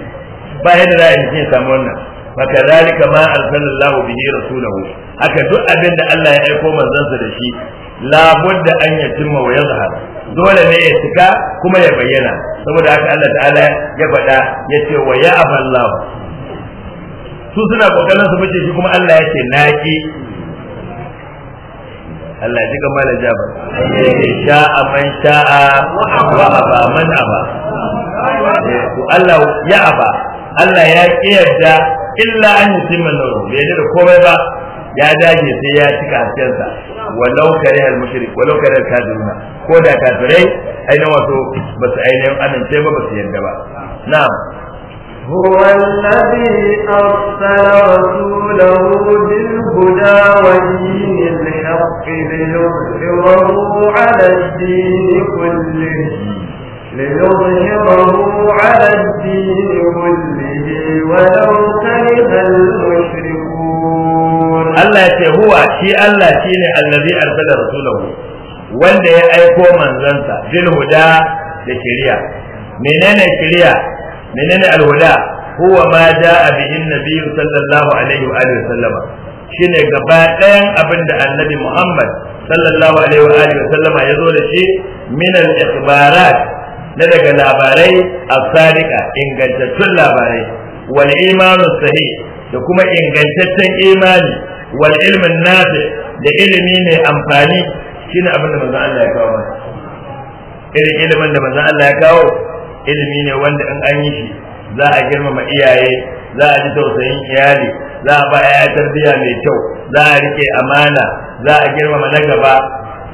ba yadda za a yi samu wannan maka zalika ma arsalallahu bihi rasulahu haka duk abin da Allah ya aiko manzansa da shi labudda an ya jimma wa yazhar dole ne ya cika kuma ya bayyana saboda haka Allah ta'ala ya faɗa ya ce wa ya aballah su suna kokarin su fice shi kuma Allah ya ce naki Allah ya ji kama da jabar sha'a man sha'a wa aba man aba to Allah ya aba Allah ya ƙi yadda illa an yusimma nuru bai da komai ba ya dage sai ya cika haskensa walau kare al mushrik walau kare al kafiruna ko da kafirai ainihin wato ba su ainihin amince ba ba su yarda ba na'am هو الذي أرسل رسوله بالهدى ودين الحق ليظهره على الدين كله ليظهره على الدين كله ولو كره Allah ya ce huwa shi Allah shi ne allazi arsala rasulahu wanda ya aiko manzansa bil huda da shari'a menene shari'a menene alhuda huwa ma jaa bihi nabi sallallahu alaihi wa alihi sallama shine gaba ɗayan abin da annabi Muhammad sallallahu alaihi wa alihi sallama ya zo da shi min al-ikhbarat na daga labarai as-sadiqa ingantattun labarai wal imanu sahih da kuma ingantaccen imani Wal'ilmin ilmin nafi da ilimi mai amfani shi ne abin da manzon Allah ya kawo mana irin ilimin da manzon Allah ya kawo ilimi ne wanda in an yi shi za a girmama iyaye za a ji tausayin iyali za a ba ya tarbiya mai kyau za a rike amana za a girmama na gaba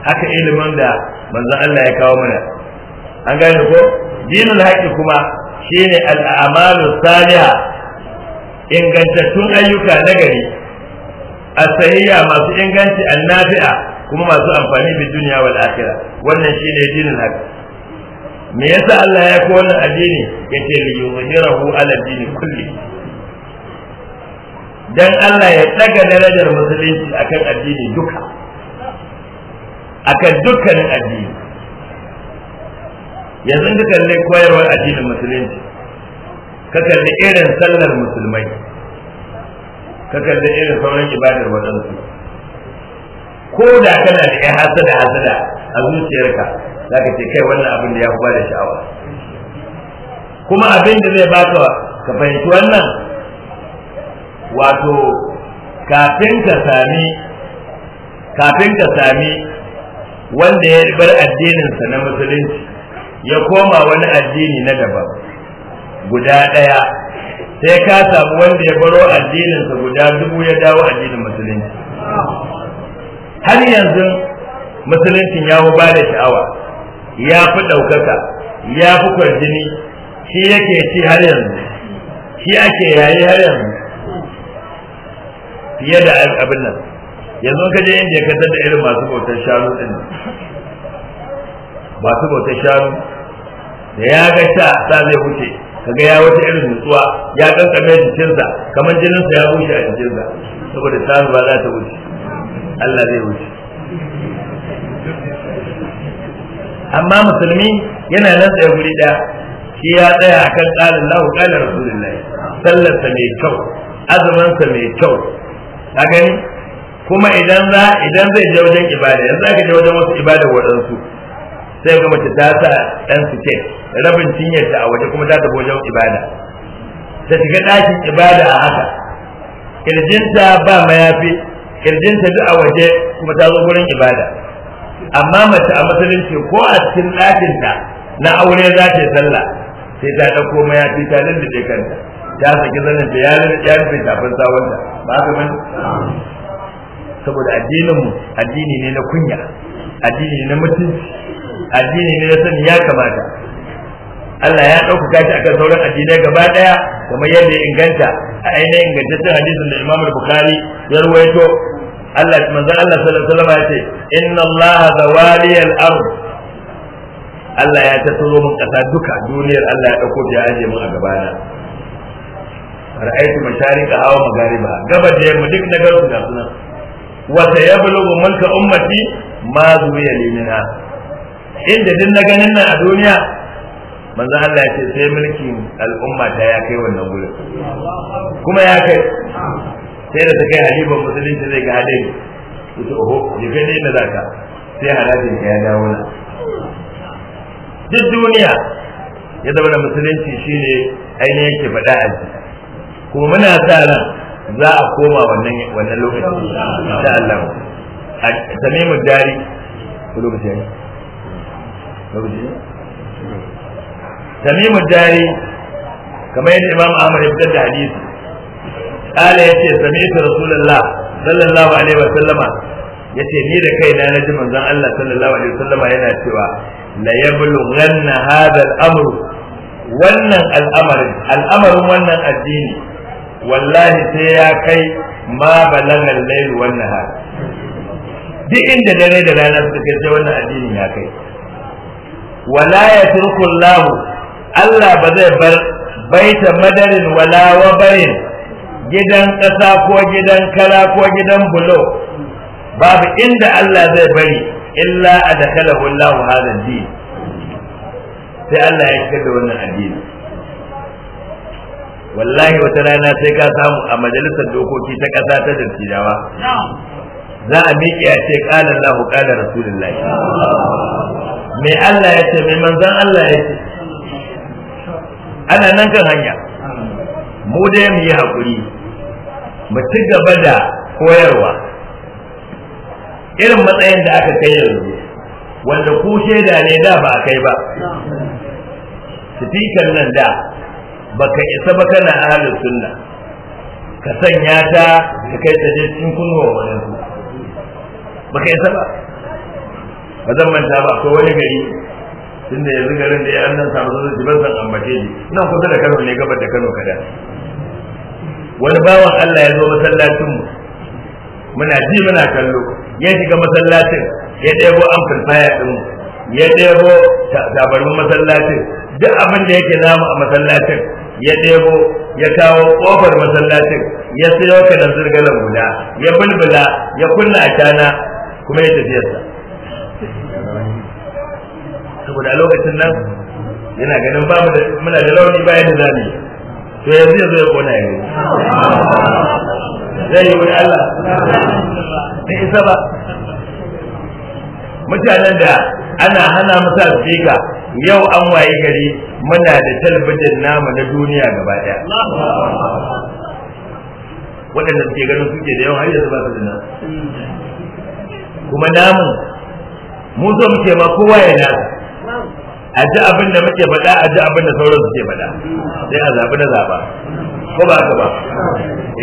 haka ilimin da manzon Allah ya kawo mana an gane ko dinul haqqi kuma shine al-a'malu salihah ingantattun ayyuka nagari. gari as masu inganci annafi'a kuma masu amfani bi duniya wal akhirah wannan shine dinin hak me yasa Allah ya ko wannan addini yake li yuzhirahu ala dini kulli dan Allah ya daga darajar musulunci akan addini duka akan dukkanin addini yanzu ka kalle koyarwar addinin musulunci ka kalli irin sallar musulmai ka kalli irin sauran ibadar waɗansu ko da kana da ya hasada hasada a zuciyarka za ka ce kai wannan abin da ya kuma da sha'awa kuma abin da zai baka ka fahimci wannan wato kafin ka sami kafin ka sami wanda ya bar addininsa na musulunci ya koma wani addini na daban guda ɗaya sai ka samu wanda ya baro addinin sa guda dubu ya dawo addinin musulunci har yanzu musuluncin ya ba da sha'awa ya fi ɗaukaka ya fi kwarjini shi yake ci har yanzu shi ake yayi har yanzu fiye da abin nan yanzu ka je inda ka da irin masu bautar shanu din masu bautar shanu da ya ga sha sa zai wuce kaga ya wata irin nutsuwa ya kankame jikinsa kamar jininsa ya wuce a jikinsa saboda tsari ba za ta wuce Allah zai wuce amma musulmi yana nan tsaye guri ɗaya shi ya tsaya akan tsarin lahu kala rasulullahi sallarsa mai kyau azumansa mai kyau ka gani kuma idan za idan zai je wajen ibada yanzu aka je wajen wasu ibada waɗansu sai ga mace ta sa dan ce, rabin cinyarta a waje kuma ta tafi wajen ibada ta shiga ɗakin ibada a haka kirjinta ba mayafi kirjinta duk a waje kuma ta zo gurin ibada amma mace a musulunci ko a cikin ɗakinta na aure za ta yi sallah sai ta ɗauko mayafi ta lullube kanta ta saki zanen ta ya rufe tafin sawanta ba ka mani saboda addininmu addini ne na kunya addini ne na mutunci addini ne na sani ya kamata Allah ya ɗaukaka shi akan sauran addinai gaba ɗaya kuma yadda ya inganta a ainihin ingantaccen hadisin da Imam Bukhari ya ruwaito Allah manzon Allah sallallahu alaihi wasallam ya ce inna Allah zawali al-ard Allah ya tattaro mun kasa duka duniyar Allah ya ɗauko ya aje mun a gabana ra'aytu masharika aw magariba gaba da yamma duk na garin ga sunan wa sayablu mulka ummati ma zuwiya limina inda duk na ganin nan a duniya manzo Allah ya ce sai mulkin al'umma ta ya kai wannan gurin kuma ya kai sai da ta kai haliban musulunci zai ga hadari ita oho ya ga ne da zaka sai halajin ka ya dawo na duk duniya ya zama da musulunci shine ainihin ke faɗa a ji kuma muna sa ran za a koma wannan wannan lokaci insha Allah A tamimu dari lokacin تميم الداري كما يدعي الإمام أحمد يبتدى حديث قال يتي سمعت رسول الله صلى الله عليه وسلم يتي ني da kaina na ji manzon Allah sallallahu alaihi wasallam yana cewa la yablughanna hadha al wannan al'amarin wannan addini wallahi sai ya kai ma balagal layl wannan har duk inda dare da rana suka kai wannan addini ya kai wala yatruku Allah Allah ba zai baita madarin wala wabarin gidan ƙasa ko gidan kala ko gidan bulo babu inda Allah zai bari illa adakalahu Allah hadha din sai Allah ya shigar da wannan addini wallahi wata rana sai ka samu a majalisar dokoki ta ƙasa ta dattijawa za a miƙe a ce ƙalar lahu rasulullahi mai Allah ya ce mai manzan Allah ya ce ana nan kan hanya mu dai mu yi haƙuri mu ci gaba da koyarwa irin matsayin da aka kai yanzu wanda ku shaida ne da ba a kai ba sifikan nan da baka isa ba kana ahlus sunna ka sanya ta ka kai ta cikin kunnuwa wani baka isa ba ba zan manta ba akwai wani gari tunda yanzu garin da ya an samu zuwa ban san ambace shi nan kusa da Kano ne gabar da Kano kada wani bawan Allah ya zo masallacin mu muna ji muna kallo ya shiga masallacin ya ɗebo amplifier ɗin ya ɗebo tabarmin masallacin duk abin da yake namu a masallacin ya ɗebo ya kawo ƙofar masallacin ya sayo kanan zirgalan guda ya bulbula ya kunna a kuma ya tafiyarsa saboda lokacin nan yana ganin ba mu da muna da rauni bayan da zamu to yanzu yanzu ya kona yi zai yi wani Allah da isa ba mutanen da ana hana musa sika yau an waye gari muna da talabijin namu na duniya gaba daya waɗanda suke ganin suke da yawan har yanzu ba su da nan. kuma namu mu zo muke ma kowa ya nasa a ji abin da muke faɗa a ji abin da sauran suke faɗa sai a zaɓi na zaɓa ko ba ka ba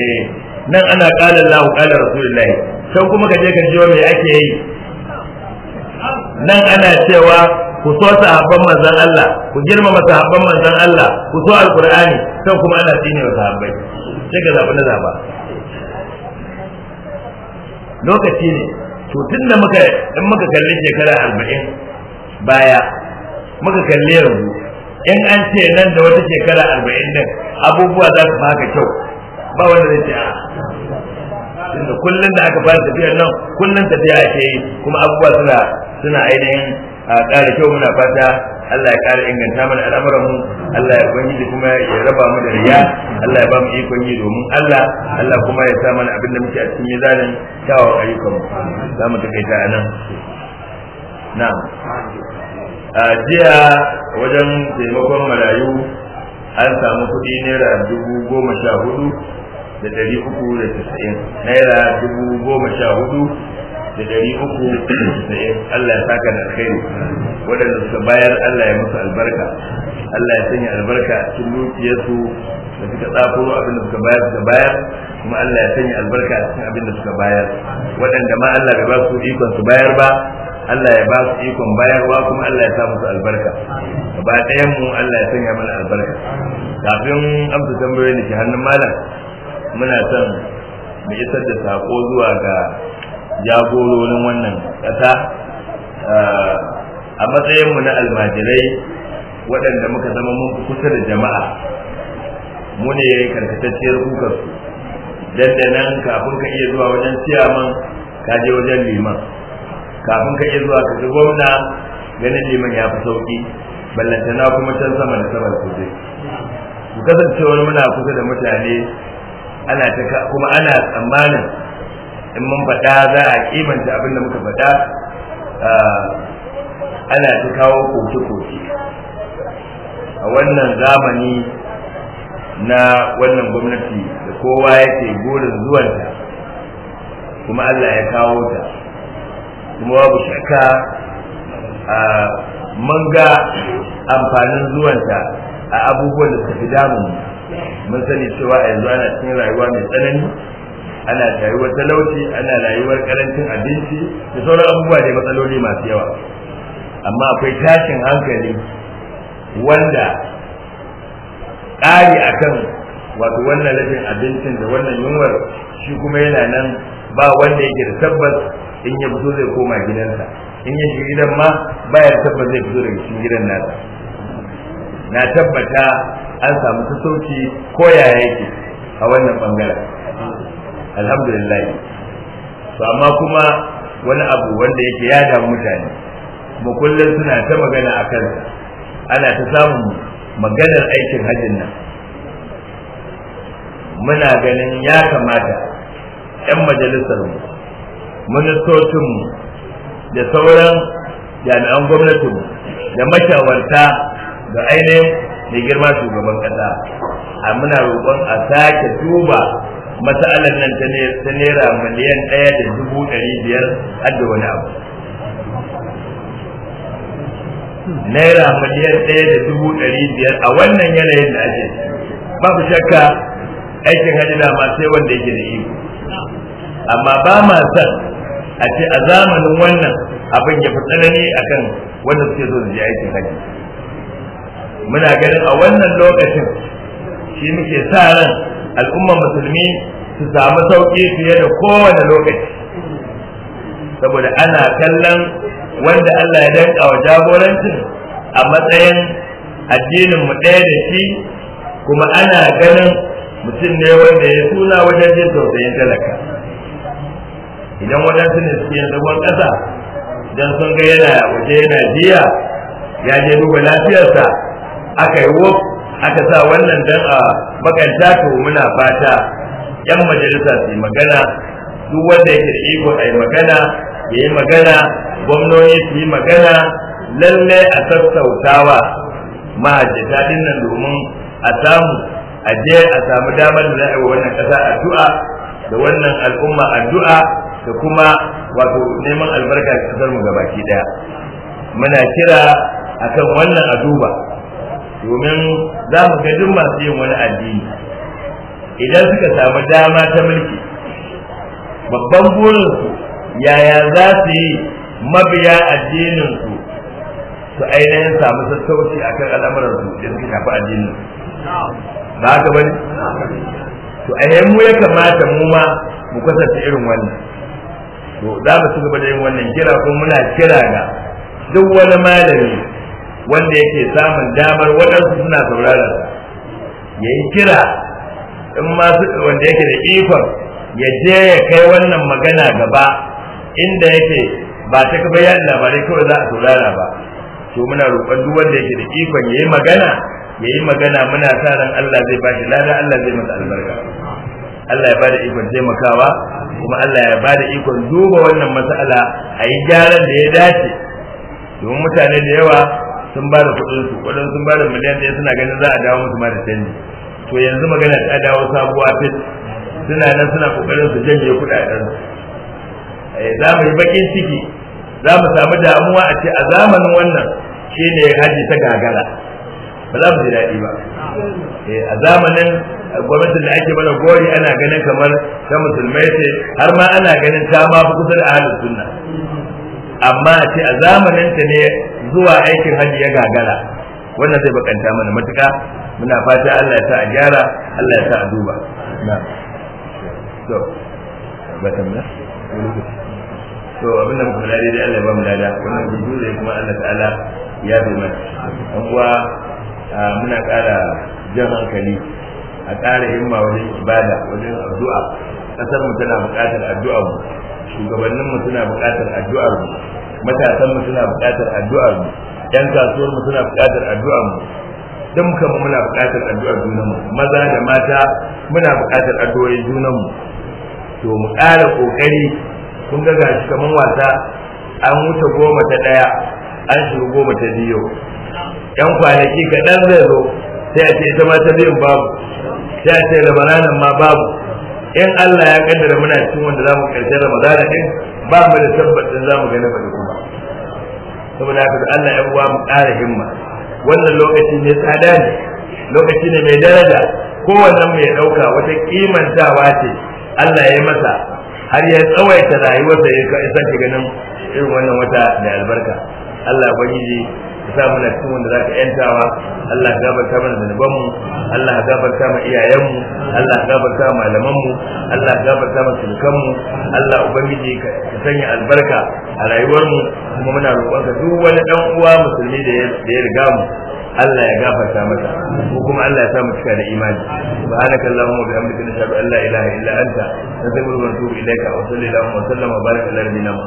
eh nan ana ƙala Allah ƙala Rasulullahi sai kuma ka je ka ji me ake yi nan ana cewa ku so sahabban manzon Allah ku girmama sahabban manzon Allah ku so alqur'ani sai kuma ana tsine wa sahabbai sai ka zaɓi na zaɓa lokaci ne to tunda muka in muka kalli shekara 40 baya muka kalli yanzu in an ce nan da wata shekara arba'in nan, abubuwa za su fi kyau ba wanda zai ce a tunda kullum da aka fara tafiyar nan kullum tafiya ake yi kuma abubuwa suna suna ainihin ƙara kyau muna fata Allah ya ƙara inganta mana al'amuran mu Allah ya da kuma ya raba mu da riya Allah ya ba mu ikon yi domin Allah Allah kuma ya sa mana abin da muke a cikin mizanin kyawawan ayyukan mu za mu takaita a nan na a jiya wajen taimakon marayu an samu kuɗi naira dubu goma sha hudu da ɗari uku da tasa'in naira dubu goma sha hudu da ɗari uku da tasa'in Allah ya saka da alkhairi waɗanda suka bayar Allah ya musu albarka Allah ya sanya albarka a cikin dukiyarsu da suka tsafo abin da suka bayar suka bayar kuma Allah ya sanya albarka a cikin abin da suka bayar waɗanda ma Allah bai ba su ikon su bayar ba Allah ya ba su ikon bayarwa kuma Allah ya sa musu albarka ba ɗayan mu Allah ya sanya mana albarka kafin amsa tambayoyi da ke hannun malam muna son mu isar da sako zuwa ga jagororin wannan ƙasa a matsayin mu na almajirai waɗanda muka zama mun kusa da jama'a mu ne karkatacciyar kukar su dandanan kafin ka iya zuwa wajen siyaman ka je wajen liman kafin ka iya zuwa ka ga gwamna ganin liman ya fi sauki ballantana kuma can sama da saman da kuje ku kasancewar muna kusa da mutane ana ta kuma ana tsammanin in mun faɗa za a kimanta abin da muka faɗa ah, ana ta kawo koke-koke a wannan zamani na wannan gwamnati da kowa yake burin zuwanta kuma Allah ya kawo ta kuma babu shakka mun ga amfanin zuwanta a abubuwan da suka fi damun mun sani cewa a yanzu ana cikin rayuwa mai tsanani ana rayuwar talauci ana rayuwar karancin abinci da sauran abubuwa da matsaloli masu yawa amma akwai tashin hankali wanda ƙari akan wato wannan rashin abincin da wannan yunwar shi kuma yana nan ba wanda yake da tabbas in ya fito zai koma gidansa in ya shiga gidan ma ba ya tabbas zai fito daga cikin gidan nasa na tabbata an samu sassauci ko yaya yake a wannan bangaren alhamdulillah to amma kuma wani abu wanda yake ya damu mutane mu suna ta magana a kansa ana ta samun maganar aikin hajjin nan muna ganin ya kamata 'yan majalisar mu ministocin mu da sauran jami'an gwamnatin mu da mashawarta da ainihin mai girma shugaban kasa a muna roƙon a sake duba matsalar nan ta naira miliyan ɗaya da dubu ɗari biyar har da wani abu naira miliyan ɗaya da dubu ɗari biyar a wannan yanayin da ake babu shakka aikin haji da ma sai wanda yake da iko amma ba ma san a ce a zamanin wannan abin ya fi tsanani akan wanda suke so su je aikin hajji muna ganin a wannan lokacin shi muke sa ran al'ummar musulmi su samu sauƙi fiye da kowane lokaci saboda ana kallon wanda Allah ya danka wa jagorancin a matsayin addinin mu ɗaya da shi kuma ana ganin mutum ne wanda ya suna wajen jin tausayin talaka idan waɗansu ne suke zagon ƙasa don sun ga yana waje yana jiya ya je duba lafiyarsa aka yi wuf aka sa wannan dan a bakanta to muna fata yan majalisa su magana duk wanda ya da iko a yi magana ya yi magana gwamnoni su yi magana lallai a sassautawa mahajjata ɗin nan domin a samu a je a samu damar da za a wannan ƙasa addu'a da wannan al'umma addu'a da kuma wato neman albarka a kasar mu gabaki daya muna kira akan wannan aduba domin za mu ga duk masu yin wani addini idan suka samu dama ta mulki babban burinsu yaya za su yi mabiya addininsu su ainihin samu sassauci akan al'amuransu da suka shafi addinin ba haka bane to a mu ya kamata mu ma mu kasance irin wannan to za mu ci gaba da yin wannan kira ko muna kira ga duk wani malami wanda yake samun damar waɗansu suna sauraron ya yi kira in masu wanda yake da ikon ya je ya kai wannan magana gaba inda yake ba ta kafa yaɗa labarai kawai za a saurara ba to muna roƙon duk wanda yake da ikon ya yi magana yayi magana muna sa ran Allah zai bashi lada Allah zai masa albarka Allah ya bada ikon taimakawa kuma Allah ya bada ikon duba wannan matsala a yi gyaran da ya dace domin mutane da yawa sun ba da kuɗin su kuɗin sun ba da miliyan ɗaya suna ganin za a dawo musu ma da canji to yanzu magana ta dawo sabuwa fit suna nan suna kokarin su janye kuɗaɗen eh, za mu yi bakin ciki za mu samu damuwa a ce a zamanin wannan shine haji ta gagara ba za mu ji daɗi ba eh, a zamanin gwamnatin da ake mana gori ana ganin kamar ta musulmai ce har ma ana ganin ta ma fi kusa da ahalin sunna amma ce a zamanin ta ne zuwa aikin hajji ya gagara wannan zai bakanta mana matuka muna fata Allah ya sa a gyara Allah ya sa a duba to ba tamna to abinda muka faɗa dai Allah ya ba mu dada wannan zai kuma Allah ta'ala ya bi mana muna ƙara jan hankali a ƙara himma wajen ibada wajen addu'a ƙasar mu tana buƙatar addu'ar mu shugabannin mu suna buƙatar addu'ar mu matasan mu suna buƙatar addu'ar mu yan kasuwar mu suna buƙatar addu'ar mu dan kan muna buƙatar addu'ar junanmu, mu maza da mata muna buƙatar addu'o'in junanmu. mu to mu ƙara ƙoƙari kun ga gashi kaman wasa an wuce goma ta ɗaya an shiga goma ta biyu yan kwanaki kaɗan zai zo sai a ce ita ma ta biyun babu sai a ce ramadanin ma babu in Allah ya kaddara muna cikin wanda zamu karshe ramadana din ba mu da tabbacin zamu ga na bari kuma saboda haka Allah ya uwa mu ƙara himma wannan lokaci ne tsada ne lokaci ne mai daraja kowannen mai ɗauka wata kimantawa ce Allah ya yi masa har ya tsawaita rayuwarsa ya san ganin irin wannan wata mai albarka Allah ubangiji sa muna cikin wanda ka yantawa Allah ya gafarta mana zanuban mu Allah ya gabata ma iyayenmu. Allah ya gabata ma malamanmu. Allah ya gabata ma sulkan mu Allah ubangiji ka sanya albarka a rayuwarmu. kuma muna roƙon ka duk wani dan uwa musulmi da ya riga mu Allah ya gafarta mata, ko kuma Allah ya sa mu cika da imani subhanaka allahumma wa bihamdika nashhadu an la ilaha illa anta nastaghfiruka wa natubu ilayka wa sallallahu wa sallama wa baraka ala nabiyyina muhammad